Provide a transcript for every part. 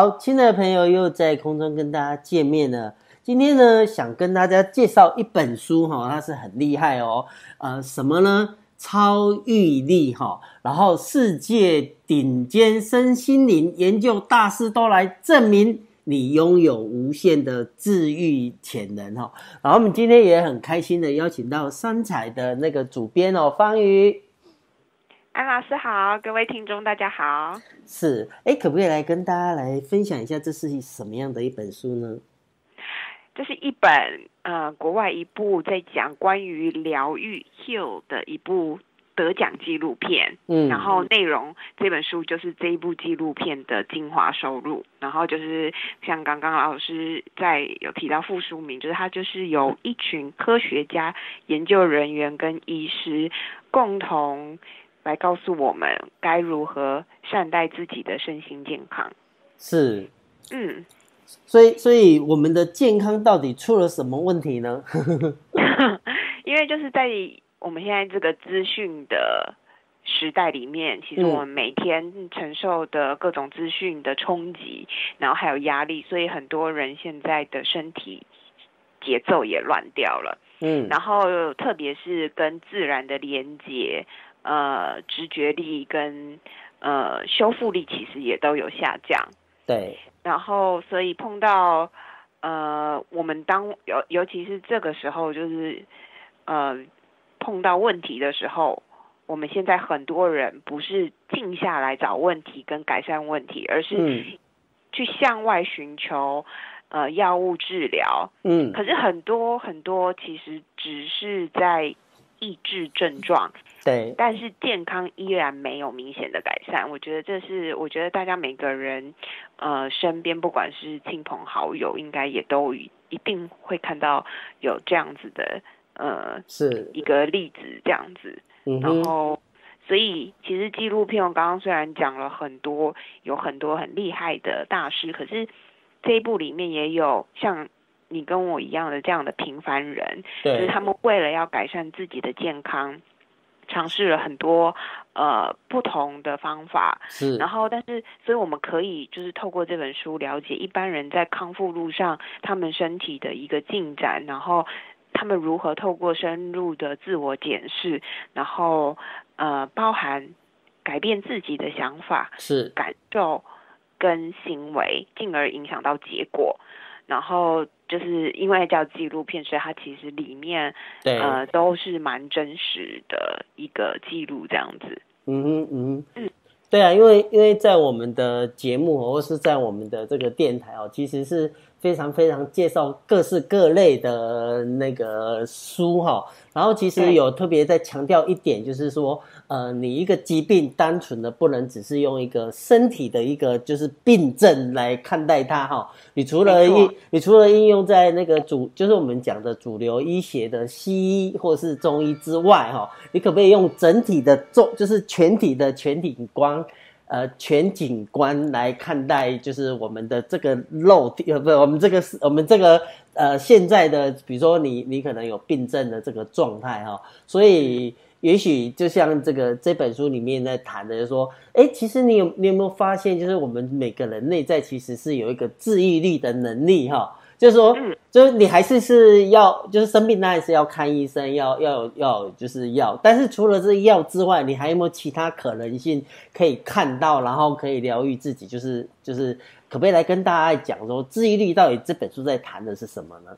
好，親愛的朋友又在空中跟大家見面了。今天呢，想跟大家介紹一本書哈，它是很厲害哦。呃，什麼呢？超愈力哈，然後世界頂尖身心靈研究大師都來證明你擁有無限的治愈潛能哈。然後我們今天也很開心的邀請到三采的那個主編哦，芳瑜。安老師好，各位聽眾大家好。是，哎，可不可以來跟大家來分享一下，這是什麼樣的一本書呢？這是一本呃，國外一部在講關於療癒 Heal 的一部得獎紀錄片。嗯，然後內容這本書就是這一部紀錄片的精華收入。然後就是像剛剛老師在有提到副書名，就是它就是由一群科學家、研究人員跟醫師共同。來告訴我們該如何善待自己的身心健康。是，嗯，所以，所以我們的健康到底出了什麼問題呢？ 因為就是在我們現在這個資訊的時代裡面，其實我們每天承受的各種資訊的衝擊，嗯、然後還有壓力，所以很多人現在的身體節奏也亂掉了。嗯，然後特別是跟自然的連接。呃，直覺力跟呃修復力其實也都有下降。對。然後，所以碰到呃，我們當尤尤其是這個時候，就是呃碰到問題的時候，我們現在很多人不是靜下來找問題跟改善問題，而是去向外尋求、嗯、呃藥物治療。嗯。可是很多很多，其實只是在。抑制症狀，對，但是健康依然沒有明顯的改善。我覺得這是，我覺得大家每個人，呃，身邊不管是親朋好友，應該也都一定會看到有這樣子的，呃，是一個例子這樣子。嗯哼。然後，所以其實紀錄片我剛剛雖然講了很多，有很多很厲害的大師，可是這一部裡面也有像。你跟我一樣的這樣的平凡人，對就是他們為了要改善自己的健康，嘗試了很多呃不同的方法。是，然後但是所以我們可以就是透過這本書了解一般人在康復路上他們身體的一個進展，然後他們如何透過深入的自我檢視，然後呃包含改變自己的想法，是感受跟行為，進而影響到結果。然後就是因為叫紀錄片，所以它其實裡面對，呃都是蠻真實的一個記錄這樣子。嗯嗯嗯，對啊，因為因為在我們的節目或是在我們的這個電台哦，其實是。非常非常介紹各式各類的那個書哈，然後其實有特別在強調一點，就是說，呃，你一個疾病單純的不能只是用一個身體的一個就是病症來看待它哈，你除了應，你除了應用在那個主，就是我們講的主流醫學的西醫或是中醫之外哈，你可不可以用整體的重，就是全體的全體光，呃，全景觀來看待，就是我們的這個漏，呃，不，我們這個是，我們這個呃，現在的，比如說你，你可能有病症的這個狀態哈、哦，所以也許就像這個這本書裡面在談的，就是說，誒其實你有，你有沒有發現，就是我們每個人內在其實是有一個自癒力的能力哈、哦。就是說，嗯、就是你還是是要，就是生病那一是要看醫生，要要要，就是要。但是除了這藥之外，你還有沒有其他可能性可以看到，然後可以療癒自己？就是就是，可不可以來跟大家講說，超癒力到底這本書在談的是什麼呢？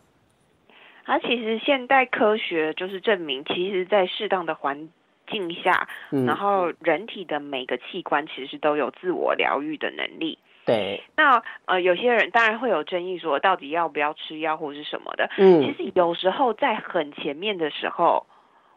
啊，其實現代科學就是證明，其實在適當的環境下，嗯、然後人體的每個器官其實都有自我療癒的能力。對，那呃，有些人當然會有爭議，說到底要不要吃藥或是什麼的。嗯，其實有時候在很前面的時候，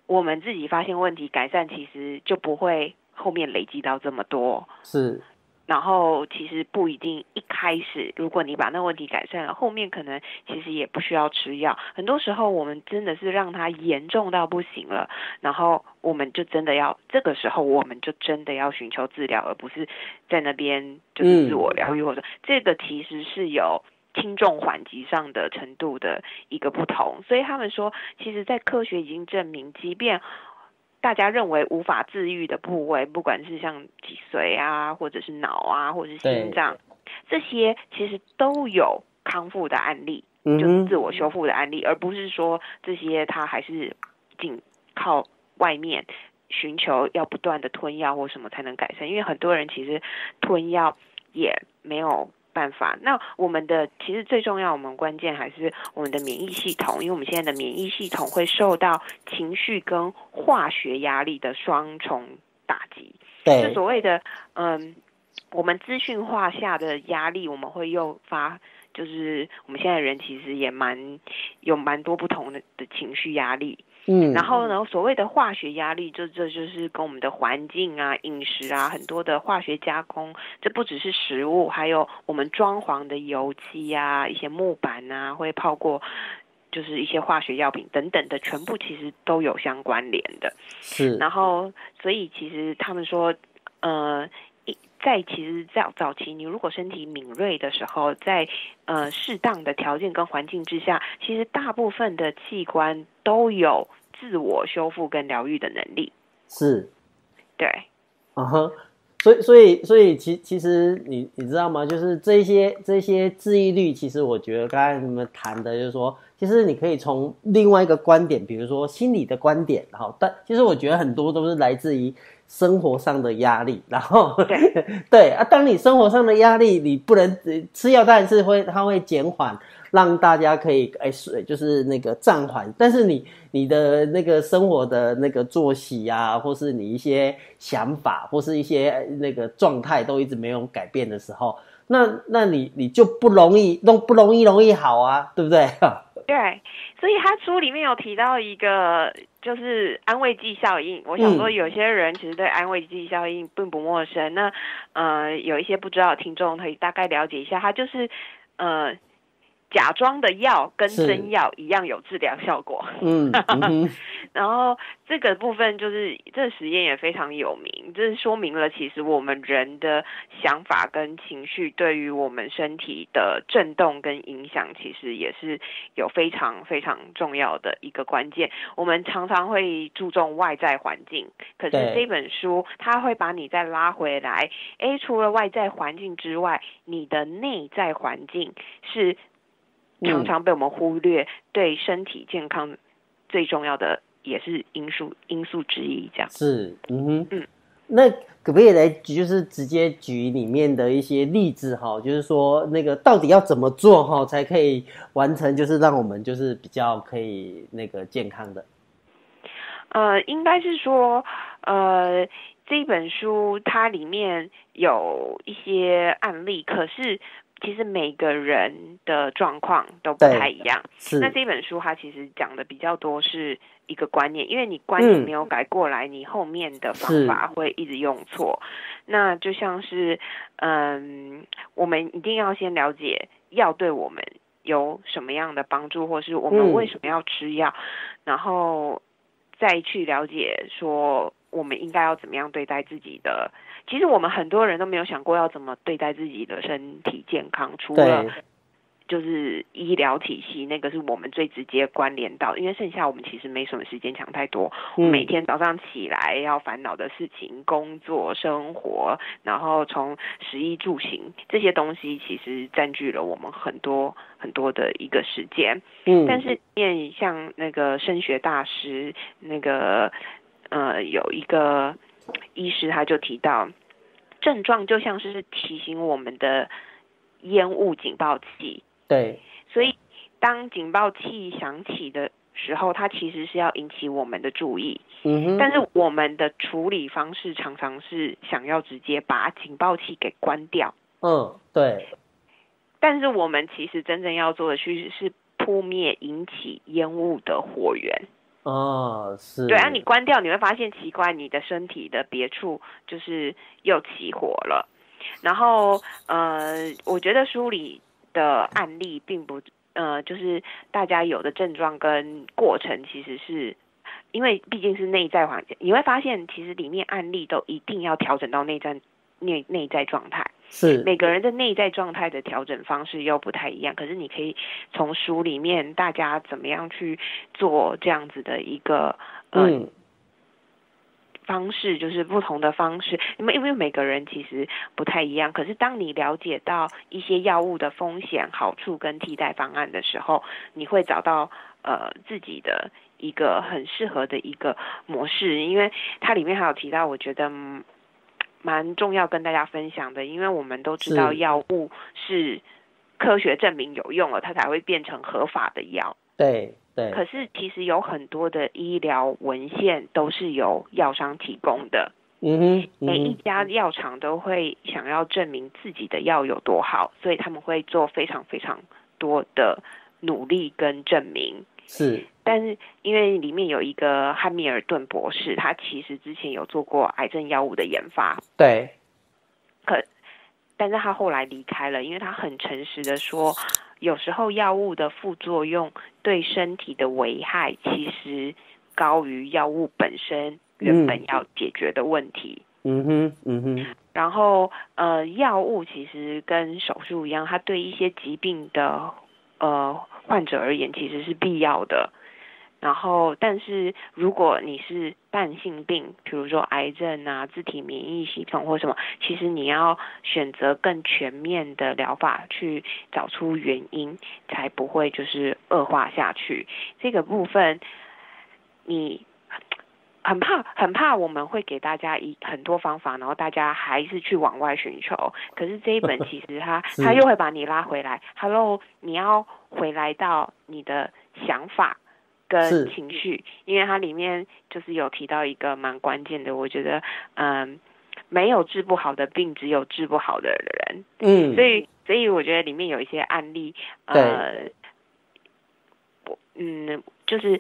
我們自己發現問題、改善，其實就不會後面累積到這麼多。是。然後其實不一定一開始，如果你把那個問題改善了，後面可能其實也不需要吃藥。很多時候我們真的是讓它嚴重到不行了，然後我們就真的要這個時候，我們就真的要尋求治療，而不是在那邊就是自我療癒。或者、嗯、這個其實是有輕重緩急上的程度的一個不同。所以他們說，其實，在科學已經證明，即便。大家認為無法治癒的部位，不管是像脊髓啊，或者是腦啊，或者是心臟，對這些其實都有康復的案例，就是自我修復的案例，嗯，而不是說這些它還是僅靠外面尋求要不斷的吞藥或什麼才能改善，因為很多人其實吞藥也沒有。辦法。那我們的其實最重要，我們的關鍵還是我們的免疫系統，因為我們現在的免疫系統會受到情緒跟化學壓力的雙重打擊。對，就所謂的嗯，我們資訊化下的壓力，我們會誘發，就是我們現在人其實也蠻有蠻多不同的的情緒壓力。嗯，然後呢？所謂的化學壓力，就這就，就是跟我們的環境啊、飲食啊，很多的化學加工，這不只是食物，還有我們裝潢的油漆啊、一些木板啊，會泡過，就是一些化學藥品等等的，全部其實都有相關聯的。是，然後所以其實他們說，呃。在其實早，在早期，你如果身體敏銳的時候，在呃適當的條件跟環境之下，其實大部分的器官都有自我修復跟療癒的能力。是，對，啊、uh huh. 所以，所以，所以，其其實你，你你知道嗎？就是這些這些治癒率，其實我覺得剛才你們談的，就是說，其實你可以從另外一個觀點，比如說心理的觀點，然後，但其實我覺得很多都是來自於。生活上的壓力，然後對啊，當你生活上的壓力，你不能吃藥，當然是會它會減緩，讓大家可以哎是就是那個暫緩。但是你你的那個生活的那個作息啊，或是你一些想法，或是一些那個狀態都一直沒有改變的時候，那那你你就不容易，都不容易容易好啊，對不對？哈。對，所以他書裡面有提到一個，就是安慰劑效應。我想說，有些人其實對安慰劑效應並不陌生。那，呃，有一些不知道的聽眾可以大概了解一下，他就是，呃。假裝的藥跟真藥一樣有治療效果。嗯， 然後這個部分就是這個實驗也非常有名，這說明了其實我們人的想法跟情緒對於我們身體的震動跟影響，其實也是有非常非常重要的一個關鍵。我們常常會注重外在環境，可是這本書它會把你再拉回來。誒，除了外在環境之外，你的內在環境是。常常被我們忽略，嗯、對身體健康最重要的也是因素因素之一，這樣是，嗯哼，嗯，那可不可以來舉，就是直接舉裡面的一些例子哈、哦，就是說那個到底要怎麼做哈、哦，才可以完成，就是讓我們就是比較可以那個健康的。呃，應該是說，呃，這一本書它裡面有一些案例，可是。其實每個人的狀況都不太一樣。是。那這本書它其實講的比較多是一個觀念，因為你觀念沒有改過來，嗯、你後面的方法會一直用錯。是。那就像是，嗯，我們一定要先了解藥對我們有什麼樣的幫助，或是我們為什麼要吃藥，嗯、然後再去了解說我們應該要怎麼樣對待自己的。其實我們很多人都沒有想過要怎麼對待自己的身體健康，除了就是醫療體系那個是我們最直接關聯到的，因為剩下我們其實沒什麼時間想太多。嗯、每天早上起來要煩惱的事情，工作、生活，然後從食衣住行這些東西，其實佔據了我們很多很多的一個時間。嗯，但是面向那個升學大師，那個呃，有一個。醫師他就提到，症狀就像是提醒我們的煙霧警報器。對，所以當警報器響起的時候，它其實是要引起我們的注意。嗯哼。但是我們的處理方式常常是想要直接把警報器給關掉。嗯，對。但是我們其實真正要做的，其實是撲滅引起煙霧的火源。哦，是對啊，你關掉，你會發現奇怪，你的身體的別處就是又起火了，然後呃，我覺得書裡的案例並不，呃，就是大家有的症狀跟過程，其實是因為畢竟是內在環境，你會發現其實裡面案例都一定要調整到內在內內在狀態。是每個人的內在狀態的調整方式又不太一樣，可是你可以從書裡面大家怎麼樣去做這樣子的一個、嗯、呃方式，就是不同的方式，因為因為每個人其實不太一樣。可是當你了解到一些藥物的風險、好處跟替代方案的時候，你會找到呃自己的一個很適合的一個模式，因為它裡面還有提到，我覺得。蠻重要跟大家分享的，因為我們都知道藥物是科學證明有用了，它才會變成合法的藥。對對。可是其實有很多的醫療文獻都是由藥商提供的。嗯哼。嗯哼。每一家藥廠都會想要證明自己的藥有多好，所以他們會做非常非常多的努力跟證明。是。但是，因為裡面有一個漢密爾頓博士，他其實之前有做過癌症藥物的研發。對。可，但是他後來離開了，因為他很誠實的說，有時候藥物的副作用對身體的危害，其實高於藥物本身原本要解決的問題。嗯，嗯哼，嗯哼。然後，呃，藥物其實跟手術一樣，它對一些疾病的呃患者而言，其實是必要的。然後，但是如果你是慢性病，比如說癌症啊、自體免疫系統或什麼，其實你要選擇更全面的療法，去找出原因，才不會就是惡化下去。這個部分，你很怕，很怕我們會給大家一很多方法，然後大家還是去往外尋求。可是這一本其實它， 是它又會把你拉回來。Hello，你要回來到你的想法。跟情緒，是因為它裡面就是有提到一個蠻關鍵的，我覺得，嗯、呃，沒有治不好的病，只有治不好的人。嗯，所以所以我覺得裡面有一些案例，呃，我對嗯，就是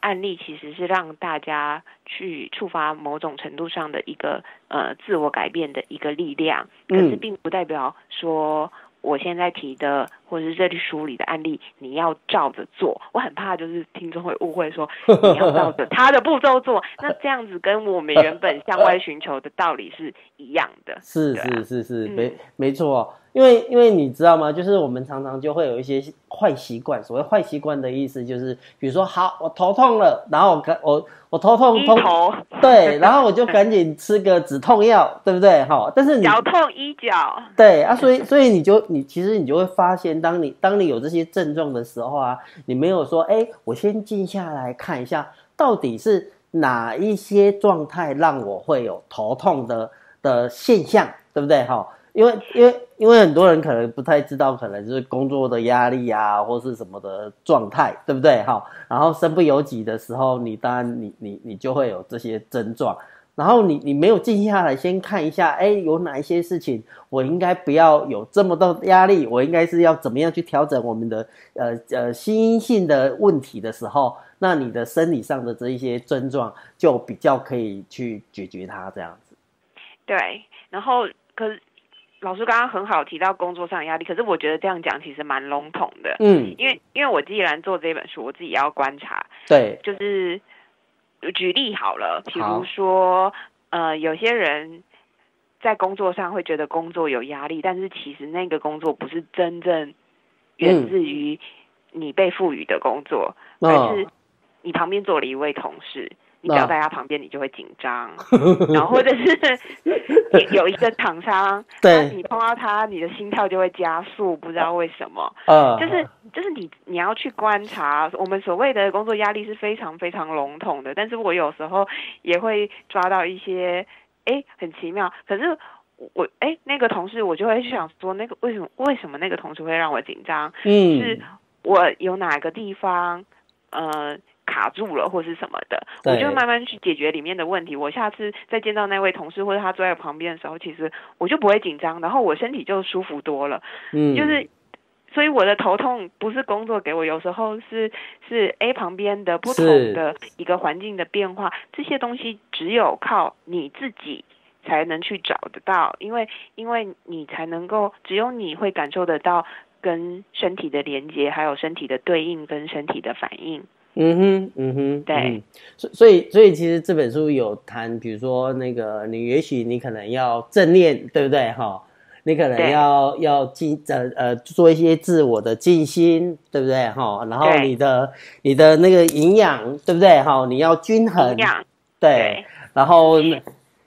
案例其實是讓大家去觸發某種程度上的一個呃自我改變的一個力量，可是並不代表說我現在提的。或者是這裡書裡的案例，你要照着做。我很怕就是聽眾會誤會說，說你要照着他的步驟做。 那這樣子跟我們原本向外尋求的道理是一樣的。是是是是，嗯、沒沒錯。因為因為你知道嗎？就是我們常常就會有一些壞習慣。所謂壞習慣的意思就是，比如說，好，我頭痛了，然後我我我頭痛，頭痛對，然後我就趕緊吃個止痛藥，對不對？好，但是你腳痛醫腳，對啊，所以所以你就你其實你就會發現。當你當你有這些症狀的時候啊，你沒有說誒，我先靜下來看一下，到底是哪一些狀態讓我會有頭痛的的現象，對不對哈？因為因為因為很多人可能不太知道，可能就是工作的壓力啊，或是什麼的狀態，對不對哈？然後身不由己的時候，你當然你你你就會有這些症狀。然後你你沒有靜下來，先看一下，哎，有哪一些事情我應該不要有這麼多壓力？我應該是要怎麼樣去調整我們的呃呃心性的問題的時候，那你的生理上的這一些症狀就比較可以去解決它這樣子。對，然後可是老師剛剛很好提到工作上的壓力，可是我覺得這樣講其實蠻籠統的。嗯，因為因為我既然做這本書，我自己要觀察。對，就是。舉例好了，比如說，好呃，有些人在工作上會覺得工作有壓力，但是其實那個工作不是真正源自於你被賦予的工作，而、嗯、是你旁邊坐了一位同事。你只要在他旁邊，你就會緊張，啊、然後或者是 有一個廠商，對，啊、你碰到他，你的心跳就會加速，不知道為什麼。啊、就是就是你你要去觀察，我們所謂的工作壓力是非常非常籠統的，但是我有時候也會抓到一些，誒、欸、很奇妙。可是我誒、欸、那個同事，我就會去想說，那個為什麼為什麼那個同事會讓我緊張？嗯，就是我有哪個地方，呃。住了，或是什麼的，對我就慢慢去解決裡面的問題。我下次再見到那位同事，或者他坐在旁邊的時候，其實我就不會緊張，然後我身體就舒服多了。嗯，就是，所以我的頭痛不是工作給我，有時候是是 A 旁邊的不同的一個環境的變化，是這些東西只有靠你自己才能去找得到，因為因為你才能夠，只有你會感受得到跟身體的連接，還有身體的對應跟身體的反應。嗯哼，嗯哼，對，所所以所以，所以其實這本書有談，比如說那個，你也許你可能要正念，對不對哈、哦？你可能要對要靜，呃呃，做一些自我的靜心，對不對哈、哦？然後你的對你的那個營養，對不對哈、哦？你要均衡，養對，對然後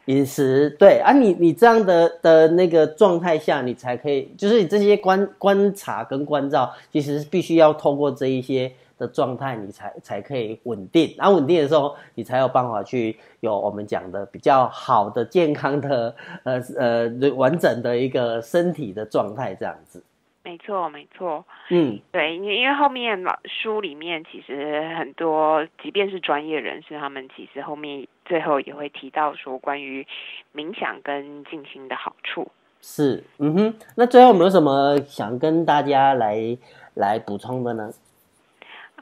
飲食，對啊，你你這樣的的那個狀態下，你才可以，就是你這些觀觀察跟觀照，其實必須要通過這一些。的狀態，你才才可以穩定，然後穩定的時候，你才有辦法去有我們講的比較好的健康的呃呃完整的一個身體的狀態，這樣子。沒錯，沒錯。嗯，對，因為因為後面書裡面其實很多，即便是專業人士，他們其實後面最後也會提到說關於冥想跟靜心的好處。是，嗯哼。那最後有沒有什麼想跟大家來來補充的呢？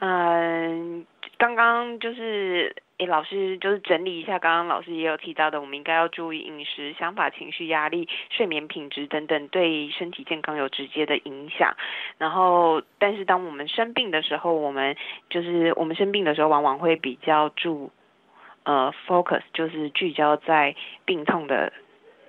嗯，剛剛就是誒，老師就是整理一下，剛剛老師也有提到的，我們應該要注意飲食、想法、情緒、壓力、睡眠品質等等，對身體健康有直接的影響。然後，但是當我們生病的時候，我們就是我們生病的時候，往往會比較注呃 focus，就是聚焦在病痛的，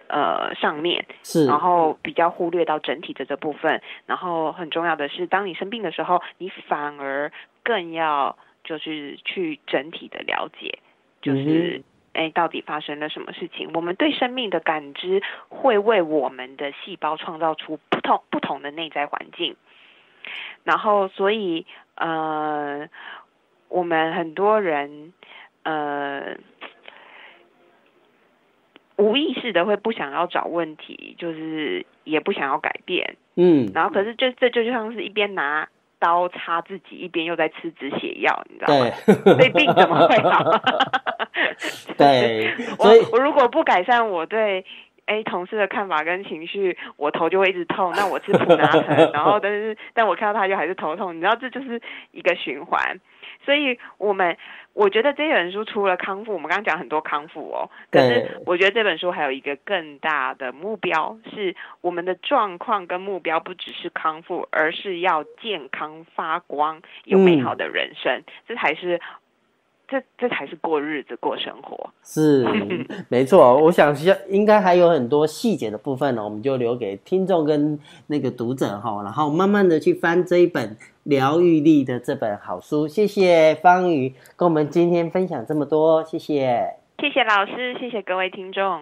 呃，上面是，然後比較忽略到整體的這部分。然後很重要的是，當你生病的時候，你反而更要就是去整體的了解，就是哎、嗯哼，到底發生了什麼事情？我們對生命的感知會為我們的細胞創造出不同不同的內在環境。然後，所以呃，我們很多人呃。無意識的會不想要找問題，就是也不想要改變，嗯，然後可是就這這就像是一邊拿刀插自己，一邊又在吃止血藥，你知道嗎？這對病怎麼會好？ 就是、對，所以我，我如果不改善我對哎、欸、同事的看法跟情緒，我頭就會一直痛。那我吃普拿疼，然後但、就是 但我看到他就還是頭痛，你知道這就是一個循環。所以，我們我覺得這本書除了康復，我們剛剛講很多康復哦，可是我覺得這本書還有一個更大的目標，是我們的狀況跟目標不只是康復，而是要健康發光，有美好的人生，這才是。這這才是過日子、過生活，是沒錯。我想，想應該還有很多細節的部分呢，我們就留給聽眾跟那個讀者哈，然後慢慢的去翻這一本療癒力的這本好書。謝謝芳瑜跟我們今天分享這麼多，謝謝，謝謝老師，謝謝各位聽眾。